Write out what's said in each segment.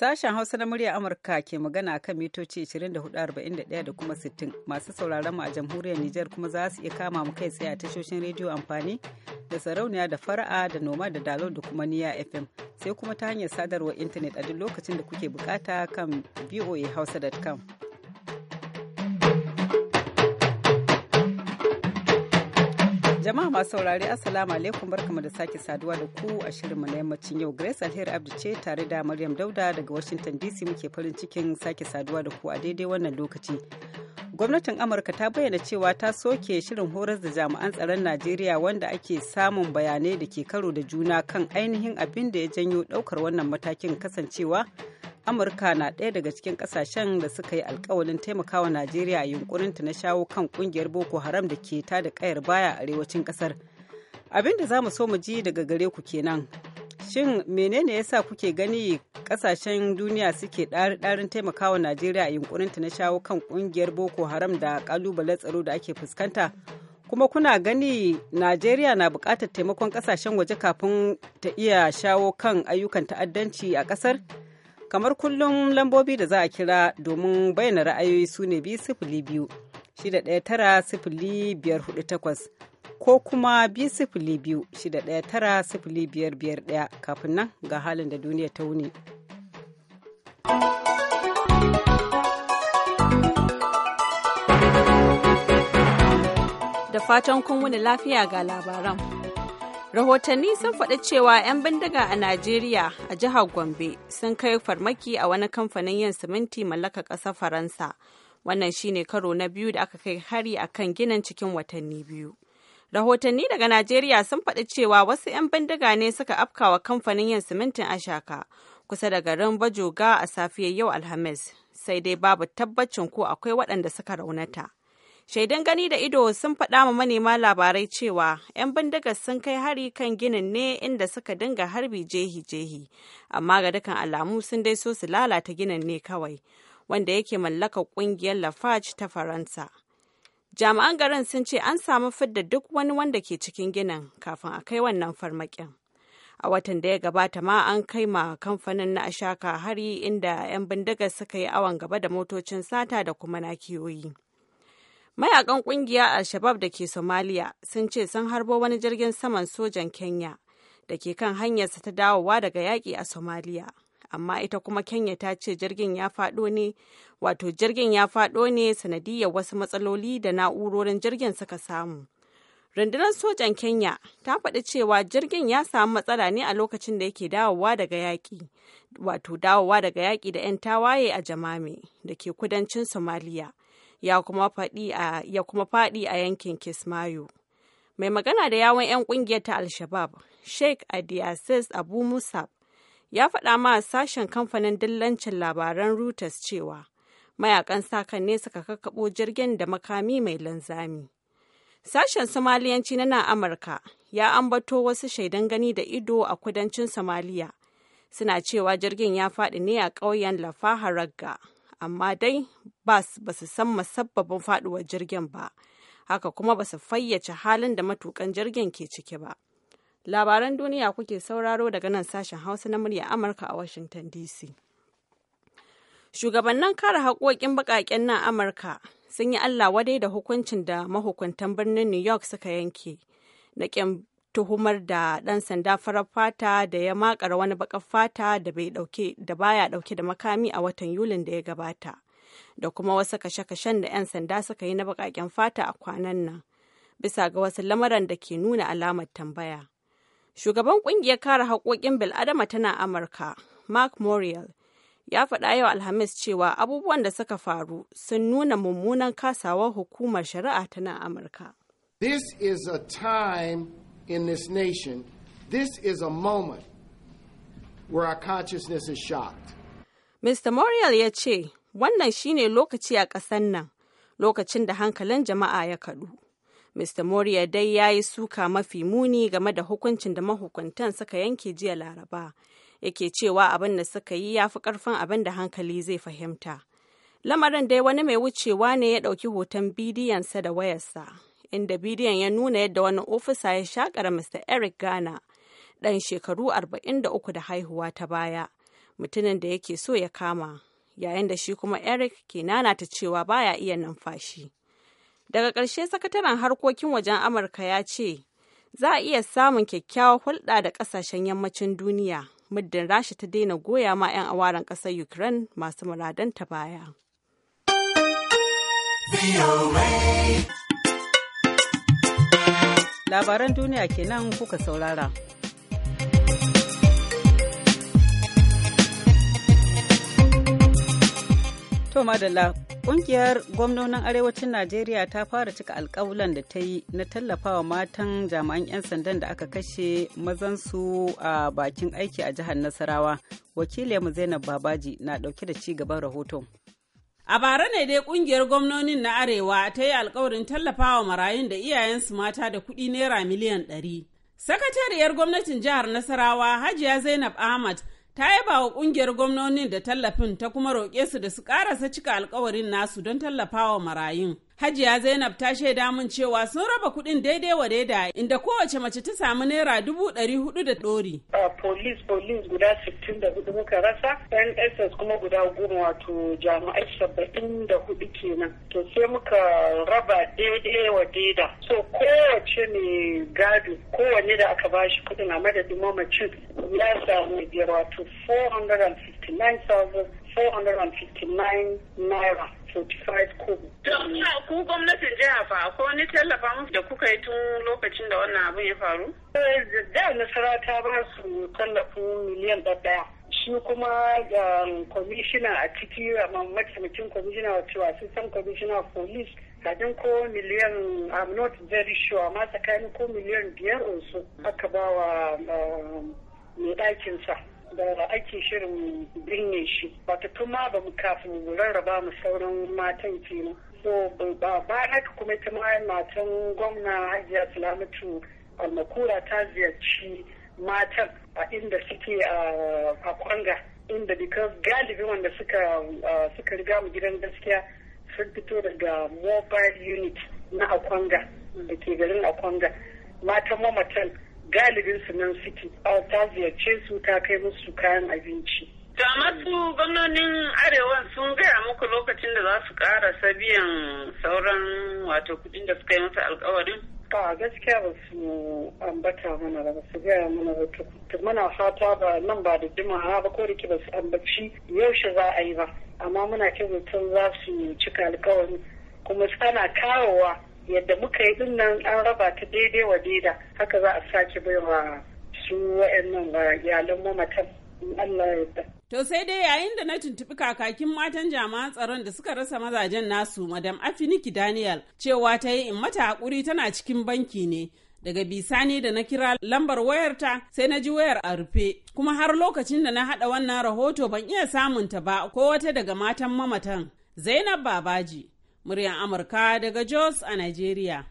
Sashen Hausa na murya Amurka ke magana kan mitoci 24,41 da kuma 60 masu sauraron mu a jamhuriyar Nijar kuma za su iya kama mu kai tsaye a tashoshin rediyo amfani da sarauniya da fara'a da noma da dalo da kuma niya FM sai kuma ta hanyar sadarwar intanet a duk lokacin da kuke bukata kan voahausa.com. Jama'a masu saurare Assalamu alaikum barkamu da sake saduwa da ku a shirinmu na yammacin yau Grace Alheri Abdu ce tare da Maryam Dauda daga Washington DC muke farin cikin sake saduwa da ku a daidai wannan lokaci. Gwamnatin Amurka ta bayyana cewa ta soke shirin horas da jami'an tsaron Najeriya wanda ake samun bayanai da ke karo da juna kan ainihin abin da ya janyo daukar wannan matakin kasancewa amurka na ɗaya daga cikin ƙasashen da suka yi alkawalin taimakawa najeriya a yunkurinta na shawo kan ƙungiyar boko haram da ke ta da ƙayar baya a arewacin ƙasar abin da za mu so mu ji daga gare ku kenan shin menene yasa kuke gani ƙasashen duniya suke ɗarin taimakawa najeriya a yunkurinta na shawo kan ƙungiyar boko haram da ƙalubalen tsaro da ake fuskanta kuma kuna gani najeriya na buƙatar taimakon ƙasashen waje kafin ta iya shawo kan ayyukan ta'addanci a ƙasar Kamar kullum lambobi da za a kira domin bayyana ra'ayoyi su ne biyu sifili biyu shida ɗaya tara sifili biyar hudu takwas ko kuma biyu sifili biyu shida ɗaya tara sifili biyar biyar ɗaya kafin nan ga halin da duniya ta wuni. Da fatan kun wuni lafiya ga labaran. rahotanni sun faɗi cewa 'yan bindiga a najeriya a jihar gombe sun kai farmaki a wani kamfanin yin siminti mallaka ƙasar faransa wannan shine karo na biyu da aka kai hari a kan ginin cikin watanni biyu rahotanni daga najeriya sun faɗi cewa wasu 'yan bindiga ne suka afkawa kamfanin yin simintin ashaka kusa da garin bajoga a safiyar yau alhamis sai dai babu tabbacin ko akwai waɗanda suka raunata Shaidan gani da ido sun faɗa ma manema labarai cewa 'yan bindigar sun kai hari kan ginin ne inda suka dinga harbi jehi-jehi, amma ga dukan alamu sun dai so su lalata ginin ne kawai, wanda yake mallaka ƙungiyar Lafarge ta Faransa. Jami'an garin sun ce an samu fidda duk wani wanda ke cikin ginin kafin a kai wannan farmakin. a watan da ya gabata ma an kai ma kamfanin na ashaka hari inda 'yan bindigar suka yi awon gaba da motocin sata da kuma nakiyoyi Mayakan kungiya Al-Shabab da ke Somalia sun ce sun harbo wani jirgin saman sojan Kenya da ke kan hanyarsa ta dawowa daga yaƙi a Somalia. Amma ita kuma Kenya ta ce jirgin ya faɗo ne, wato jirgin ya faɗo ne sanadiyar wasu matsaloli da na'urorin jirgin suka samu. Rundunar sojan Kenya ta faɗi cewa jirgin ya samu matsala ne a lokacin da yake dawowa daga yaƙi, wato dawowa daga yaƙi da 'yan tawaye a Jamame da ke kudancin Somaliya. ya kuma faɗi a yankin Kismayo. Mai magana da yawon 'yan ƙungiyar ta Al-Shabab, Sheikh Adiasis Abu Musa ya faɗa ma sashen kamfanin dillancin labaran Reuters cewa mayakan sakan ne suka kakkaɓo jirgin da makami mai linzami. Sashen Somaliyanci na nan Amurka ya ambato wasu shaidan gani da ido a kudancin Somaliya. Suna cewa jirgin ya faɗi ne a ƙauyen Ragga amma dai Abbas ba su san musabbabin faduwar jirgin ba, haka kuma ba su fayyace halin da matukan jirgin ke ciki ba. Labaran duniya kuke sauraro daga nan sashen Hausa na murya Amurka a Washington DC. Shugabannin kare haƙoƙin baƙaƙen nan Amurka sun yi Allah wadai da hukuncin da mahukuntan birnin New York suka yanke na ƙin tuhumar da ɗan sanda farar fata da ya makara wani baƙar fata da baya ɗauke da makami a watan Yulin da ya gabata. da kuma wasu kashe-kashen da 'yan sanda suka yi na baƙaƙen fata a kwanan nan bisa ga wasu lamaran da ke nuna alamar tambaya shugaban ƙungiyar kare haƙoƙin bil'adama tana amurka mark morial ya faɗa yau alhamis cewa abubuwan da suka faru sun nuna mummunan kasawar hukumar shari'a ta nan amurka this is a time in this nation this is a moment where our consciousness is shocked Mr. Morial ya ce, Wannan shine lokaci a ƙasan nan, lokacin da hankalin jama'a ya kaɗu. Mr. Moriya dai ya yi suka mafi muni game da hukuncin da mahukuntan suka yanke jiya Laraba, yake cewa abin da suka yi ya fi ƙarfin abin da hankali zai fahimta. Lamarin dai wani mai wucewa ne ya ɗauki hoton bidiyonsa da wayarsa, inda bidiyon ya nuna yadda wani ofisa ya shakara Mr. Eric gana. ɗan shekaru 43 da haihuwa ta baya, mutumin da yake so ya kama. yayin da shi kuma Eric ke nanata cewa baya iya numfashi. Daga ƙarshe sakataren harkokin wajen Amurka ya ce, za a iya samun kyakkyawar hulɗa da ƙasashen yammacin duniya muddin rasha ta daina goya ma 'yan awaren ƙasar ukraine masu muradanta baya labaran duniya kenan kuka saurara To Madalla, kungiyar gwamnonin arewacin Najeriya ta fara cika alkawulan da ta yi na tallafawa matan jami'an 'yan sandan da aka kashe mazan su a bakin aiki a jihar Nasarawa. Wakiliyarmu Zainab Babaji na ɗauke da ci gaban rahoton. A bara ne dai kungiyar gwamnonin na Arewa ta yi alkawarin tallafawa marayun da iyayensu mata da kuɗi naira miliyan ɗari. Sakatariyar gwamnatin jihar Nasarawa Hajiya Zainab Ahmad ta yaba wa kungiyar gwamnonin da tallafin ta kuma roƙe su da su ƙarasa cika alkawarin nasu don tallafawa marayun. Hajiya Zainab ta shaida mun cewa sun raba kuɗin daidai wa daida inda kowace mace ta samu naira dubu ɗari hudu da ɗori. Police police guda sittin da hudu muka rasa, SS kuma guda goma wato jami'ai saba'in da hudu kenan. To sai muka raba daidai wa daida. So kowace ne gado kowanne da aka ba shi kuɗin a madadin mamacin ya samu biyar wato 459,459 naira. 45 kobo. ku gwamnatin jiha fa ko wani tallafa musu da kuka yi tun lokacin da wannan abin ya faru? Eh, da nasara ta ba su tallafin miliyan ɗaya. Shi kuma kwamishina um, a ciki mataimakin kwamishina wato assistant kwamishina police kajin ko miliyan I'm not very sure amma tsakanin ko miliyan biyar unsu aka ba wa um, mai ɗakinsa. da ake shirin binye shi wata tuma ba mu kafin mu rarraba mu sauran matan kenan so ba haka kuma ita ma matan gwamna hajiya salamatu almakura ta ziyarci matan a inda suke a kwanga inda because galibi wanda suka suka riga mu gidan gaskiya sun fito daga mobile unit na akwanga da ke garin akwanga matan mamatan galibin su nan suke ta ziyarce su ta kai musu kayan abinci da masu gwamnonin arewa sun gaya muku lokacin da za su kara sabiyan sauran wato kudin da suka yi masa alkawarin ba gaskiya ba su ambata mana ba su gaya mana ba muna fata ba nan ba da jimawa ba ko da ke ba su ambaci yaushe za a yi ba amma muna kyautar za su cika alkawarin kuma ana kawowa yadda muka yi din nan an raba ta daidai wa daida haka za a sake wa su wa'annan iyalan mamatan in Allah ya To sai dai yayin da na tuntuɓi kakakin matan jami'an tsaron da suka rasa mazajen nasu madam Afiniki Daniel cewa ta yi in mata hakuri tana cikin banki ne daga bisani da na kira lambar wayarta sai na ji wayar a rufe kuma har lokacin da na haɗa wannan rahoto ban iya samunta ba ko wata daga matan mamatan zainab babaji Muryar Amurka daga Jos a Najeriya.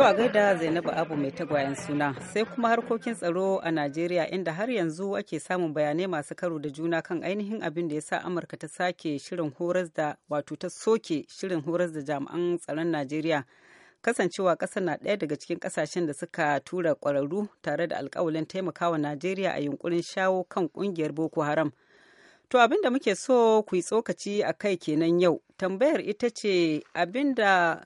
a gaida Zainabu Abu mai tagwayen suna sai kuma harkokin tsaro a Najeriya inda har yanzu ake samun bayanai masu karo da juna kan ainihin abin da ya sa Amurka ta sake shirin horas da wato ta soke shirin horas da jami'an tsaron Najeriya kasancewa ƙasar na ɗaya daga cikin ƙasashen da suka tura ƙwararru tare da alƙawalin taimakawa najeriya a yunkurin shawo kan ƙungiyar boko haram to abinda muke so ku yi tsokaci a kai kenan yau tambayar ita ce abinda da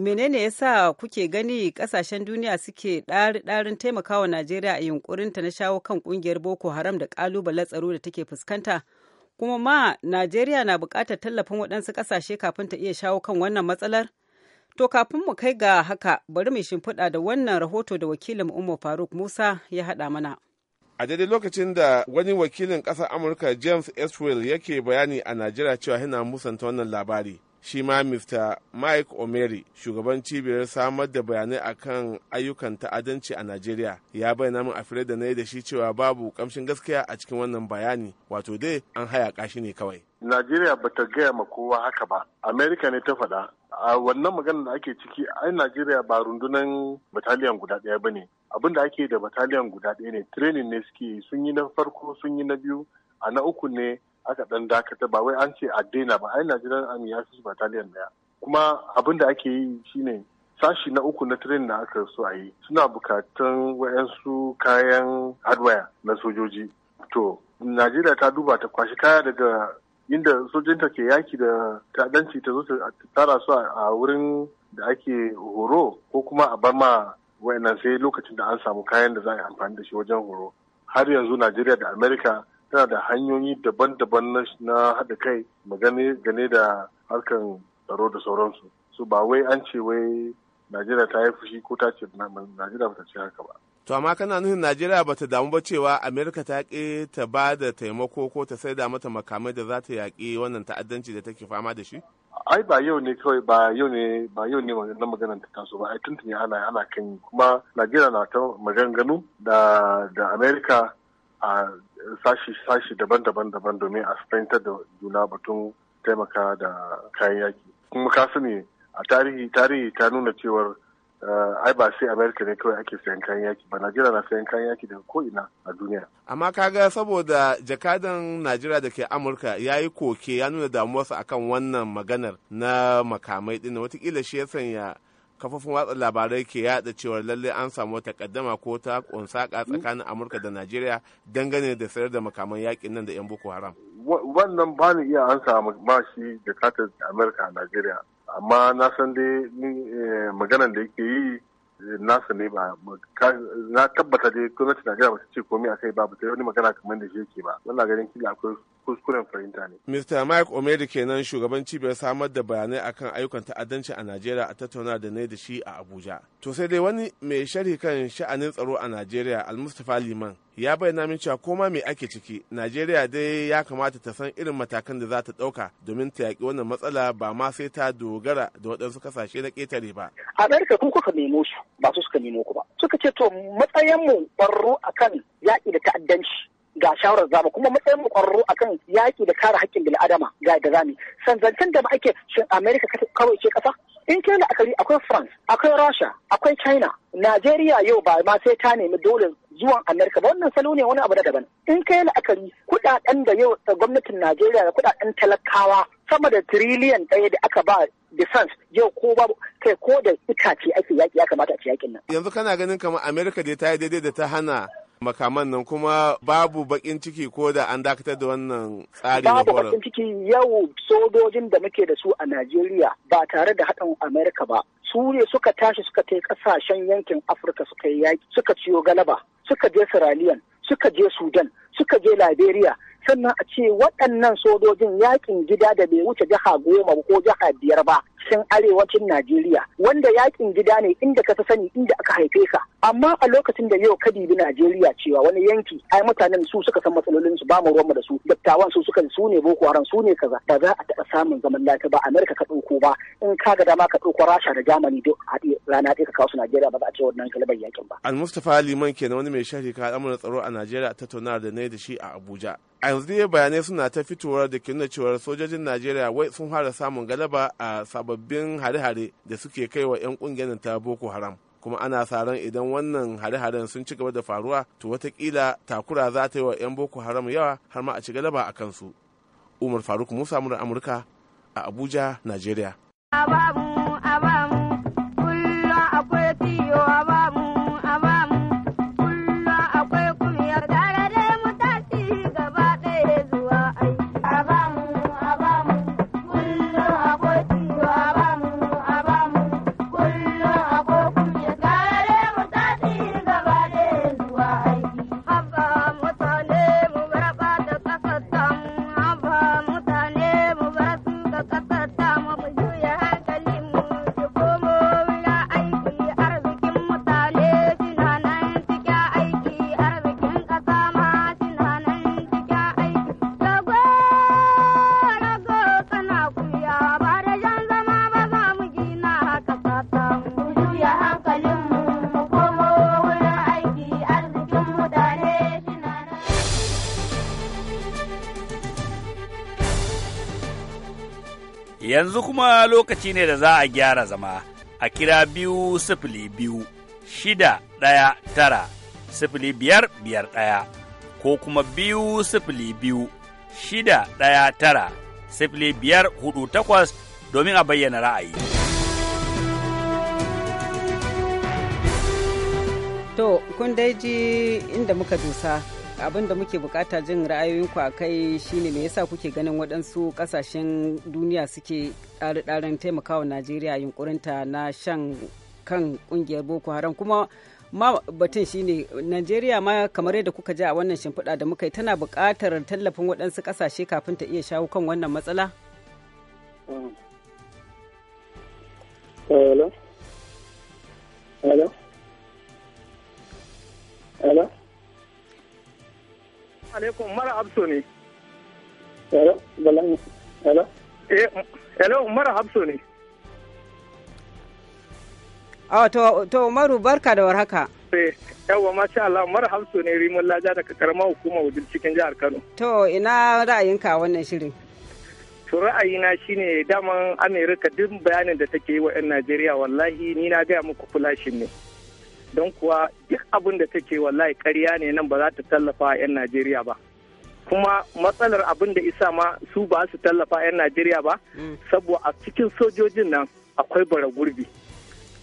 menene sa kuke gani ƙasashen duniya suke ɗarin taimakawa najeriya a yunkurinta na shawo kan ƙungiyar boko haram da ƙalubalen tsaro da take fuskanta kuma ma najeriya na buƙatar tallafin waɗansu ƙasashe kafin ta iya shawo kan wannan matsalar To kafin mu kai ga haka bari mu shimfiɗa da wannan rahoto da wakilin Umar Faruk Musa ya haɗa mana. a daidai lokacin da wani wakilin ƙasar amurka james esrael yake bayani a najeriya cewa yana musanta wannan labari shi ma mr mike omeri shugaban cibiyar samar da bayanai a kan ayyukan ta'addanci a najeriya ya bayyana min a da na yi da shi cewa babu kamshin gaskiya a cikin wannan bayani wato dai an haya kashi ne kawai najeriya ba ta gaya ma kowa haka ba amerika ne ta faɗa a wannan magana da ake ciki ai najeriya ba rundunan bataliyan guda ɗaya ba ne abin da ake da bataliyan guda ɗaya ne training ne suke sun yi na farko sun yi na biyu a na uku ne aka dan dakata ba wai an ce a daina ba ai Nigerian Army ya fi battalion daya kuma abin da ake yi shine sashi na uku na train da aka so a yi suna bukatun wayansu kayan hardware na sojoji to Najeriya ta duba ta kwashi kaya daga inda sojinta ke yaki da ta'addanci ta zo ta tara su a wurin da ake horo ko kuma a bar ma wayannan sai lokacin da an samu kayan da za a yi amfani da shi wajen horo har yanzu Najeriya da Amerika tana da hanyoyi daban-daban na haɗa kai magane gane da harkar tsaro da sauransu su ba wai an ce wai najeriya ta yi fushi ko ta ce najeriya bata ce haka ba to amma kana nufin najeriya bata damu ba cewa amerika ta ƙi ta ba da taimako ko ta saida mata makamai da za ta yaƙi wannan ta'addanci da take fama da shi ai ba yau ne kawai ba yau ne ba yau ne wannan maganar ta taso ba ai tuntuni ana ana kan kuma Najeriya na ta maganganu da da Amerika a sashi daban-daban daban domin a fahimtar da juna batun taimaka da kayan yaki kuma ka sani a tarihi tarihi ta nuna cewar eh, ai ba sai america ne kawai ake sayan kayan yaki ba najeriya na sayan kayan yaki daga ko'ina a duniya amma kaga saboda jakadan najeriya da ke amurka ya yi koke ya nuna damuwarsa akan wannan maganar na makamai din watakila shi ya sanya kafofin watsa labarai ke yada cewar lallai an samu wata kaddama ko ta kunsaka tsakanin amurka da najeriya dangane da sayar da makaman yakin nan da yan boko haram wannan ba ni iya ansa samu shi da kata amurka a najeriya amma na san dai eh, maganan da yake yi eh, san ne ba na tabbata dai gwamnati najeriya ba ta ce komai akai ba ba ta yi wani magana kamar da shi yake ba wannan ganin kila akwai kuskuren fahimta ne. Mr. Mike Omedi kenan shugaban cibiyar samar da bayanai akan ayyukan ta'addanci a Najeriya a tattauna da ne da shi a Abuja. To sai dai wani mai sharhi kan sha'anin tsaro a Najeriya Mustapha Liman ya bayyana min cewa koma me ake ciki Najeriya dai ya kamata ta san irin matakan da za ta ɗauka domin ta yaƙi wannan matsala ba ma sai ta dogara da waɗansu kasashe na ƙetare ba. A ɗarka ku kuka nemo su ba su suka nemo ku ba. Suka ce to matsayin matsayinmu a akan yaƙi da ta'addanci ga shawarar zamu kuma matsayin mu kwararru akan yaki da kare haƙƙin bil'adama ga da zamu sanzancen da ake shin America kawai ce kasa in kai la'akari akwai France akwai Russia akwai China Najeriya yau ba ma sai ta nemi dole zuwan Amerika ba wannan salo ne wani abu da daban. In kai la'akari kudaden da yau gwamnatin Najeriya da kudaden talakawa sama da tiriliyan ɗaya da aka ba defense yau ko ba kai ko da itace ake yaki ya kamata a ci yakin nan. Yanzu kana ganin kamar America da ta yi daidai da ta hana makaman nan kuma babu bakin ciki ko da an dakatar da wannan tsari na horon. Babu bakin ciki yau sojojin da muke da su a Najeriya ba tare da haɗin Amerika ba. Su ne suka tashi suka kai ƙasashen yankin Afirka suka yi yaƙi suka ciyo galaba suka je Sierra Leone suka je Sudan suka je Liberia sannan a ce waɗannan sojojin yaƙin gida da bai wuce jiha goma ko jiha biyar ba cikin arewacin Najeriya wanda yakin gida ne inda ka sani inda aka haife ka amma a lokacin da yau ka Najeriya cewa wani yanki ai mutanen su suka san matsalolin su ba mu ruwanmu da su dattawan su suka su ne boko haram su ne kaza ba za a taɓa samun zaman lafiya ba Amerika ka ɗauko ba in ka ga dama ka ɗauko Rasha da Germany duk haɗe rana ɗaya ka kawo su Najeriya ba za a ce wannan galibar yakin ba. Al-Mustafa Liman kenan wani mai shafi ka al'amuran tsaro a Najeriya tattauna da ne da shi a Abuja. a yanzu dai bayanai suna ta fitowar da ke nuna cewar sojojin najeriya wai sun fara samun galaba a sababbin hare-hare da suke kai wa 'yan kungiyar ta boko haram kuma ana sa ran idan wannan hare-haren sun ci gaba da faruwa to watakila takura za ta yi wa 'yan boko haram yawa har ma a ci galaba a kansu umar faruk musa murar amurka a abuja najeriya akwai tiyo Yanzu kuma lokaci ne da za a gyara zama, a kira biyu sifili biyu, shida ɗaya tara, sifili biyar biyar ɗaya, ko kuma biyu sifili biyu, shida ɗaya tara, sifili biyar hudu takwas domin a bayyana ra'ayi. To, kun dai ji inda muka dusa. abin da muke bukata jin ra'ayoyinku a kai shine me yasa kuke ganin waɗansu kasashen duniya suke ɗari ɗarin taimakawa najeriya yunkurinta na shan kan ƙungiyar boko haram kuma ma batun shine najeriya ma kamar yadda kuka ji a wannan shimfiɗa da muka yi tana buƙatar tallafin waɗansu ƙasashe kafin ta iya shawo kan wannan matsala Hello? Hello? Hello? alaikum mara ne. Hello? mara ne. Oh, to, to Umaru barka da warhaka. Eh, yawwa masha Allah mara ne rimin laja daga karamar hukumar wajen cikin jihar Kano. To ina ra'ayinka wannan shirin? To ra'ayina shine daman Amerika duk bayanin da take yi wa 'yan Najeriya wallahi ni na gaya muku fulashin ne. don kuwa duk abin da take wallahi karya ne nan ba za ta tallafa 'yan najeriya ba kuma matsalar abin da isa ma su ba su tallafa 'yan najeriya ba mm. saboda a cikin sojojin nan akwai bara gurbi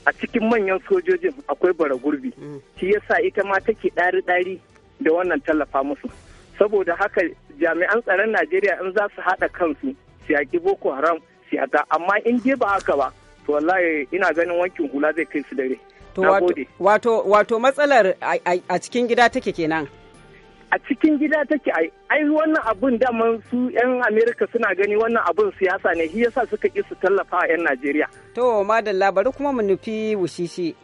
a cikin manyan sojojin akwai bara gurbi mm. shi yasa ita ma take ɗari-ɗari da wannan tallafa musu saboda haka jami'an tsaron najeriya in za su haɗa kansu su yaƙi boko haram su amma in je ba haka ba to wallahi ina ganin wankin hula zai kai su dare To wato wato matsalar a cikin gida take kenan. A cikin gida take ai ai wannan abun daman su 'yan Amerika suna gani wannan abun siyasa ne shi yasa suka ki su tallafa a 'yan Najeriya. To madalla bari kuma mu nufi wushishi.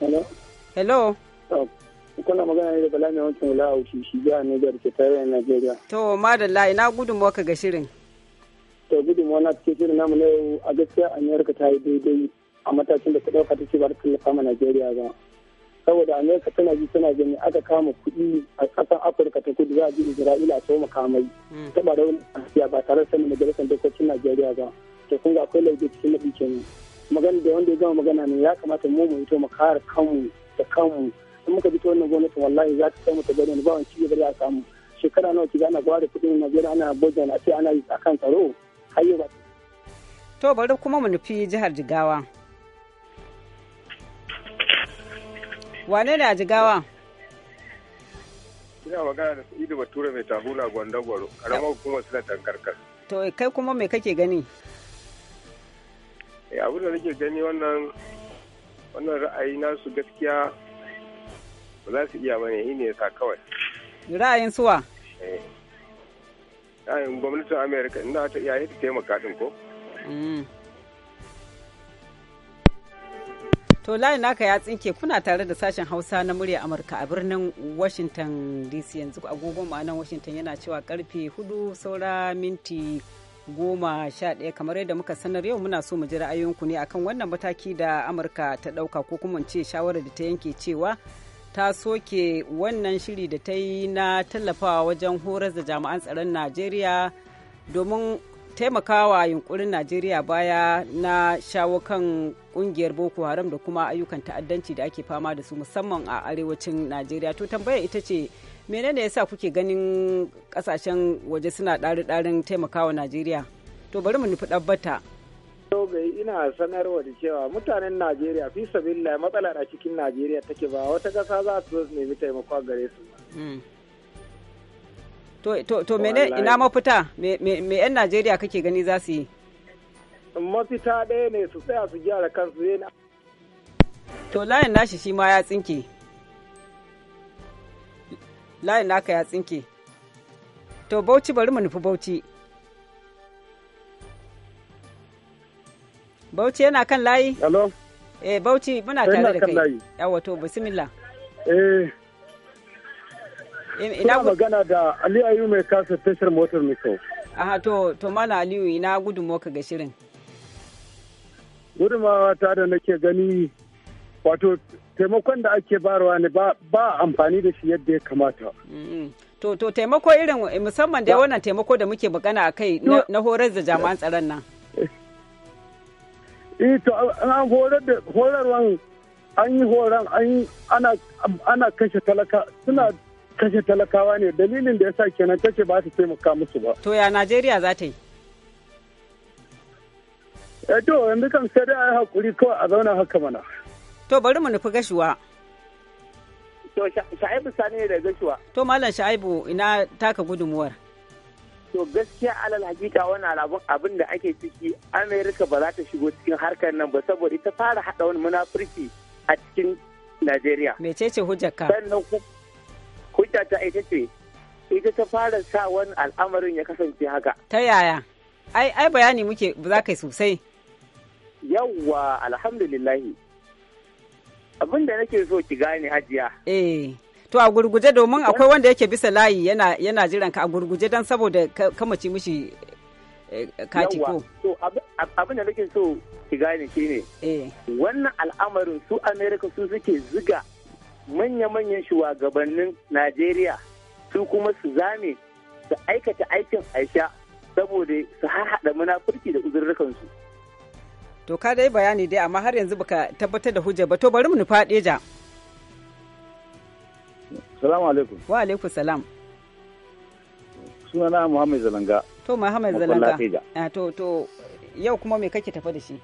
Hello. Hello. Oh, kuna magana ne da Bala mai wancan wula a wushishi jihar Niger ke tare tarayyar Najeriya. To madalla ina gudun ka ga shirin. To gudunmuwa na cikin shirin namu na yau a gaskiya Amerika ta yi daidai a matakin da ta ɗauka ta ce ba ta tallafa ma Najeriya ba. Saboda Amerika tana ji tana gani aka kama kuɗi a ƙasar Afirka ta kudu za a ji Isra'ila a sau makamai. Hmm. Ta ba da wani ba tare da sanin majalisar dokokin Najeriya ba. To kun ga akwai laifi cikin naɗi kenan. Magana da wanda ya gama magana ne ya kamata mu mu fito mu kare kanmu da kanmu. In muka bi ta wannan gwamnati wallahi za ta kai mu ta gani ba wani cigaba da ya samu. Shekara nawa kiga ana gwada kuɗin Najeriya ana bojan a ce ana yi akan tsaro. Hayyo ba. To bari kuma mu nufi jihar Jigawa. wane da jigawa ina magana da sa'idu bature mai tahula gwandagwaro karamar hukumar suna tankarkar to kai kuma me kake gani eh abin da nake gani wannan wannan ra'ayi nasu gaskiya ba za su iya bane shi ne sa kawai ra'ayin suwa eh, ra'ayin gwamnatin amerika ina ta iya ta taimaka ɗin ko mm. To layin naka ya tsinke kuna tare da sashen Hausa na murya Amurka a birnin Washington DC yanzu agogon ma'anan Washington yana cewa karfe hudu saura minti goma sha ɗaya kamar yadda muka sanar yau muna so mu ji ra'ayoyinku ne akan wannan mataki da Amurka ta ɗauka ko kuma ce shawarar da ta yanke cewa ta soke wannan shiri da ta yi na tallafawa wajen horar da jami'an tsaron Najeriya domin taimakawa yunkurin najeriya baya na shawo kan kungiyar boko haram da kuma ayyukan ta'addanci da ake fama da su musamman a arewacin najeriya to tambaya ita ce menene yasa kuke ganin kasashen waje suna ɗari ɗarin taimakawa najeriya to bari mu nufi ɗabbata dogayi ina sanarwa da cewa mutanen najeriya fi sabilla matsalar a cikin najeriya take ba wata ƙasa za su nemi taimako gare su hmm. to to mene ina mafita me yan Najeriya kake gani za su yi mafita ɗaya ne su tsaya su gyara kansu yana to layin nashi shi ma ya tsinke layin naka ya tsinke to bauchi bari mu nufi bauchi bauchi yana kan layi hello eh bauchi muna tare da kai yawa to bismillah eh ina magana da ali ayu mai kasa tashar motar mai kyau aha to to mala aliyu ina gudun moka ga shirin gudumawa ta da nake gani wato taimakon da ake barwa ne ba amfani da shi yadda ya kamata to to taimako irin musamman da wannan taimako da muke bukana a kai na horar da jami'an tsaron nan eh to an horar da horarwan an yi horon ana kashe talaka suna kashe talakawa ne dalilin da ya sa kenan kashe ba ta taimaka musu ba to ya najeriya za ta yi eh to yanzu kan sai dai a hakuri kawai a zauna haka mana to bari mu nufi gashuwa to sha'ibu sani da gashuwa to malam sha'ibu ina taka gudunmuwar to gaskiya alal hakika wani alabun abin da ake ciki amerika ba za ta shigo cikin harkar nan ba saboda ita fara haɗa wani munafurci a cikin najeriya mecece hujjarka sannan hujja ta ita ce ita ta fara sa wani al'amarin ya kasance haka ta yaya ai ai bayani muke za kai sosai yawwa alhamdulillahi abin da nake so ki gane hajiya eh to a gurguje domin akwai wanda yake bisa layi yana yana jiran ka a gurguje don saboda kamace mishi eh, kati ko to abin da nake so ki gane shine eh. wannan al'amarin su America su suke ziga manya-manyan shugabannin najeriya su kuma su zame su aikata aikin aisha saboda su harhaɗa munafurci da uzurrukansu to ka dai bayani dai amma har yanzu baka tabbatar da hujja ba to bari mu nufa ja salamu alaikum wa alaikum salam sunana muhammad zalanga to muhammad zalanga ah, to to yau kuma me kake tafa da shi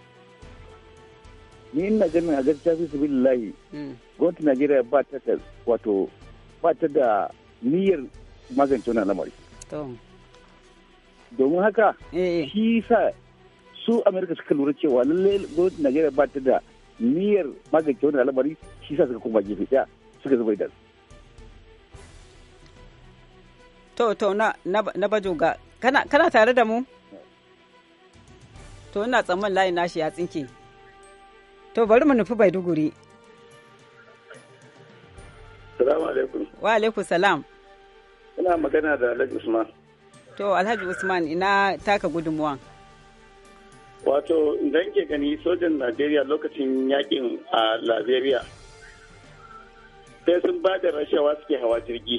ni ina ganin a gaskiya su su billahi mm. gwamnatin najeriya ba ta da wato ba ta da niyyar magance wannan lamari domin haka eh, eh. shi sa su amerika suka lura cewa lalle gwamnatin najeriya ba ta da niyyar magance wannan lamari shi sa suka kuma gefe ɗaya suka zuba da to to na na bajoga kana kana tare da mu to ina tsamman layi nashi ya tsinke To bari mu nufi Maiduguri. Salamu alaikum. Wa alaikum salam. Ina magana da Alhaji Usman. To Alhaji Usman ina taka gudunmuwan. Wato idan ke gani sojan Najeriya lokacin yakin a Liberia sai sun ba da rashawa suke hawa jirgi.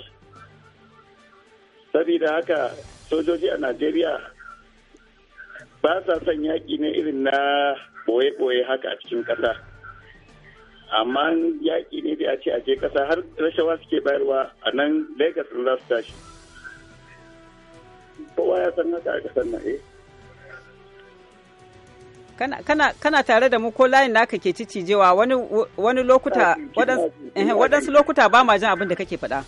Saboda haka sojoji a Najeriya ba sa son yaƙi na irin na boye-boye haka a cikin kasa amma yaƙi ne da a ce a je ƙasa har rashawa suke bayarwa a nan lagos za su tashi kowa ya san haka a kasar na eh kana, kana, kana tare da mu ko layin naka ke cicijewa wani, wani lokuta wadansu lokuta ba ma jin abin da kake faɗa.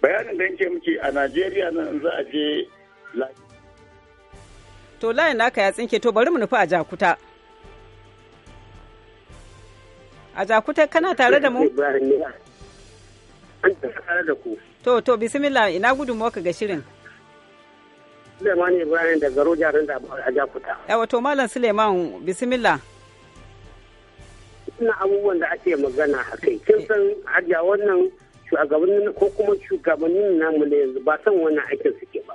bayanin da yake muke a najeriya nan za a je lafiya To layin naka ya tsinke to bari mu nufi a Jakuta. A Jakuta kana tare da mu? To to bismillah ina gudunmuwa ka ga shirin. Suleiman Ibrahim garo jarin da a Jakuta. Yawa to Malam Suleiman bismillah. Ina abubuwan da ake magana a kai. Kin san hajiya wannan shugabannin ko kuma shugabannin namu ne ba san wannan aikin suke ba.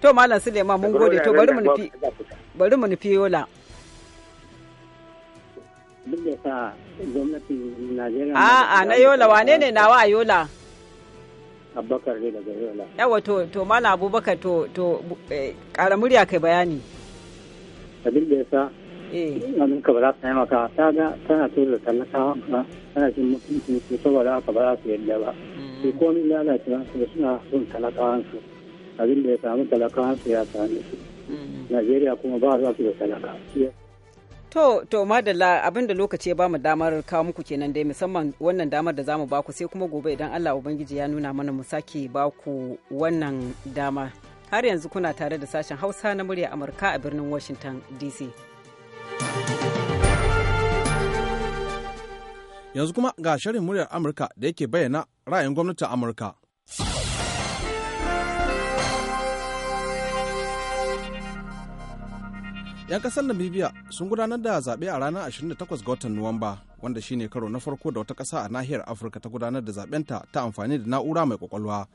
to malam suleiman mun gode to bari mu nufi bari mu nufi yola a'a a a na yola wane ne nawa a yola abubakar ne daga yola yawa to to malam abubakar to to kara eh, murya kai bayani abin da yasa eh abin ka bara sai maka ta ga tana tura talaka ba tana cin mutunci saboda haka ba za su yadda ba sai mm. komai lalacewa su suna son talakawansu abin da ya samu talaka hansu ya sami mm-hmm. su najeriya kuma ba za su da talaka To, to madalla abinda lokaci ya bamu damar kawo muku kenan dai musamman wannan damar da zamu baku sai kuma gobe idan Allah Ubangiji ya nuna mana mu sake baku wannan dama. Har yanzu kuna tare da sashen Hausa na murya Amurka a birnin Washington DC. Yanzu kuma ga shirin muryar Amurka da yake bayyana ra'ayin gwamnatin Amurka. 'Yan kasar Namibia sun gudanar da zaɓe a ranar 28 ga watan Nuwamba, wanda shine karo na farko da wata ƙasa a nahiyar Afirka ta gudanar da zaɓenta ta amfani da na'ura mai kwakwalwa,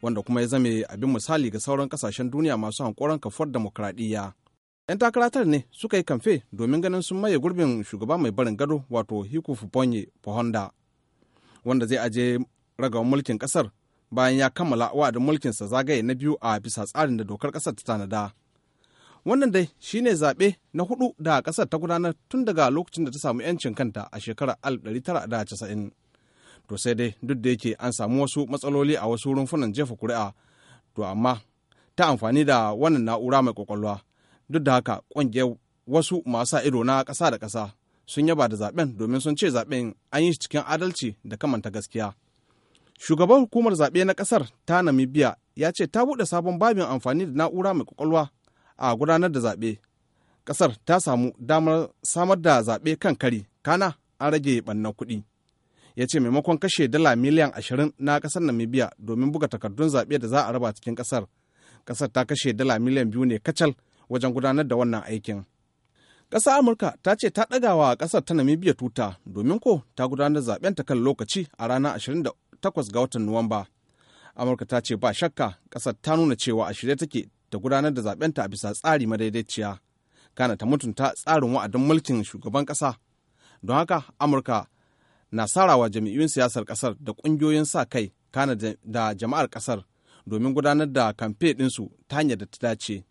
wanda kuma ya zame abin misali ga sauran ƙasashen duniya masu hankoron kafuwar demokradiyya. 'Yan takaratar ne suka yi kamfe domin ganin sun maye gurbin shugaba mai barin gado wato Hiku Fuponye Pohonda, wanda zai aje ragawar mulkin ƙasar bayan ya kammala wa'adin mulkinsa zagaye na biyu a bisa tsarin da dokar ƙasar ta tanada. wannan dai shine zaɓe na hudu da ƙasar ta gudanar tun daga lokacin da ta samu 'yancin kanta a shekarar 1990 to sai dai duk da yake an samu wasu matsaloli a wasu rumfunan jefa kuri'a to amma ta amfani da wannan na'ura mai kwakwalwa duk da haka ƙungiyar wasu masu ido na ƙasa da ƙasa sun yaba da zaɓen domin sun ce zaɓen an yi cikin adalci da kamanta gaskiya shugaban hukumar zaɓe na ƙasar ta namibia ya ce ta buɗe sabon babin amfani da na'ura mai kwakwalwa a gudanar da zaɓe ƙasar ta samu damar samar da zaɓe kan kari kana an rage ɓannan kuɗi ya ce maimakon kashe dala miliyan ashirin na ƙasar namibia domin buga takardun zaɓe da za a raba cikin ƙasar ƙasar ta kashe dala miliyan biyu ne kacal wajen gudanar da wannan aikin ƙasar amurka ta ce ta ɗaga wa ƙasar ta namibia tuta domin ko ta gudanar zaɓen ta kan lokaci a ranar 28 ga watan nuwamba amurka ta ce ba shakka ƙasar ta nuna cewa a shirye take Da gudanar da zaɓenta a bisa tsari madaidaiciya kana ta mutunta tsarin wa'adin mulkin shugaban ƙasa don haka amurka na sarawa jami'in siyasar ƙasar da ƙungiyoyin sa kai kana da jama'ar ƙasar domin gudanar da kamfe ɗinsu ta hanyar da ta dace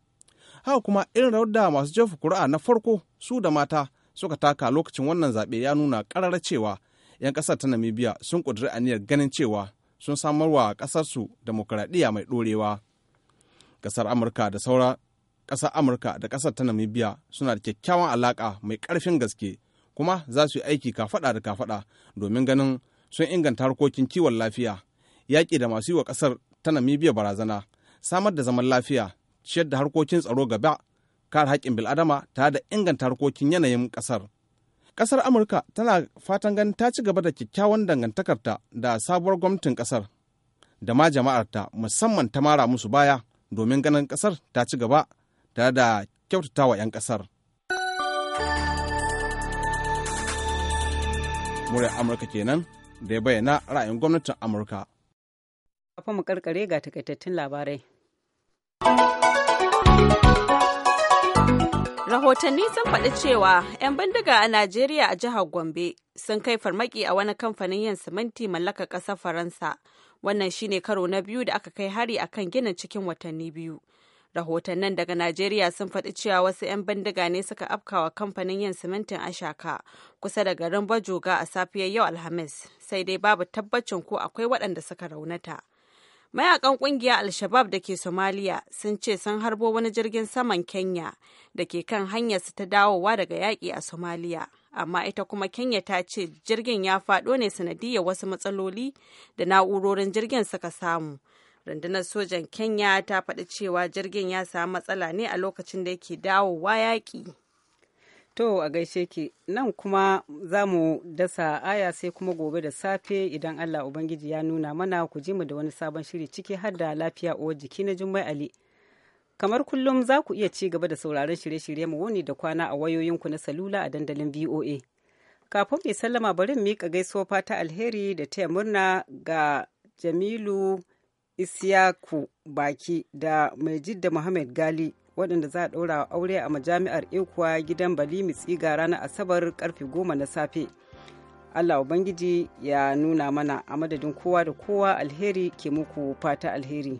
haka kuma irin rawar da masu jefa kuri'a na farko su da mata suka taka lokacin wannan zaɓe ya nuna ƙarara cewa 'yan ƙasar ta namibia sun ƙudiri aniyar ganin cewa sun samarwa ƙasarsu demokuraɗiyya mai ɗorewa. kasar amurka da saura kasar amurka da kasar ta namibia suna da kyakkyawan alaka mai karfin gaske kuma za su yi aiki kafada da kafada domin ganin sun inganta harkokin kiwon lafiya yaƙi da masu yi wa kasar ta namibia barazana samar da zaman lafiya ciyar da harkokin tsaro gaba kare haƙƙin bil'adama tare da inganta harkokin yanayin kasar ƙasar amurka tana fatan ganin ta ci gaba da kyakkyawan dangantakarta da sabuwar gwamnatin ƙasar da ma jama'arta musamman ta mara musu baya domin ganin ƙasar ta ci gaba tare da kyautata wa 'yan ƙasar. Murya Amurka kenan da ya bayyana ra'ayin gwamnatin Amurka. Kafa mu karkare ga takaitattun labarai. Rahotanni sun faɗi cewa 'yan bindiga a Najeriya a jihar Gombe sun kai farmaki a wani kamfanin yin siminti mallakar ƙasar Faransa wannan shine karo na biyu da aka kai hari a kan ginin cikin watanni biyu rahotannin daga najeriya sun faɗi cewa wasu 'yan bindiga ne suka afkawa kamfanin yin simintin ashaka kusa da garin bajoga a safiyar yau alhamis sai dai babu tabbacin ko akwai waɗanda suka raunata mayakan ƙungiyar alshabab da ke somaliya sun ce sun harbo wani jirgin saman kenya da ke kan hanyarsu ta dawowa daga yaƙi a somaliya amma ita kuma kenya ta ce jirgin ya faɗo ne sanadiyar wasu matsaloli da na'urorin jirgin suka samu rundunar sojan kenya ta faɗi cewa jirgin ya samu matsala ne a lokacin da yake dawowa yaƙi to a gaishe ki nan kuma za mu dasa aya sai kuma gobe da safe idan allah ubangiji ya nuna mana ku ji mu da wani sabon shiri ciki har da lafiya uwar jiki na jummai ali Kamar kullum za ku iya ci gaba da sauraron shirye-shirye mu wani da kwana a wayoyinku na salula a dandalin VOA. Kafin mai sallama bari miƙa gaisuwa fata alheri da taya murna ga Jamilu Isiyaku Baki da mai jidda Muhammad Gali waɗanda za a ɗora aure a majami'ar Ekuwa gidan Balimi ga ranar Asabar karfe goma na safe. Allah Ubangiji ya nuna mana a madadin kowa da kowa alheri ke muku fata alheri.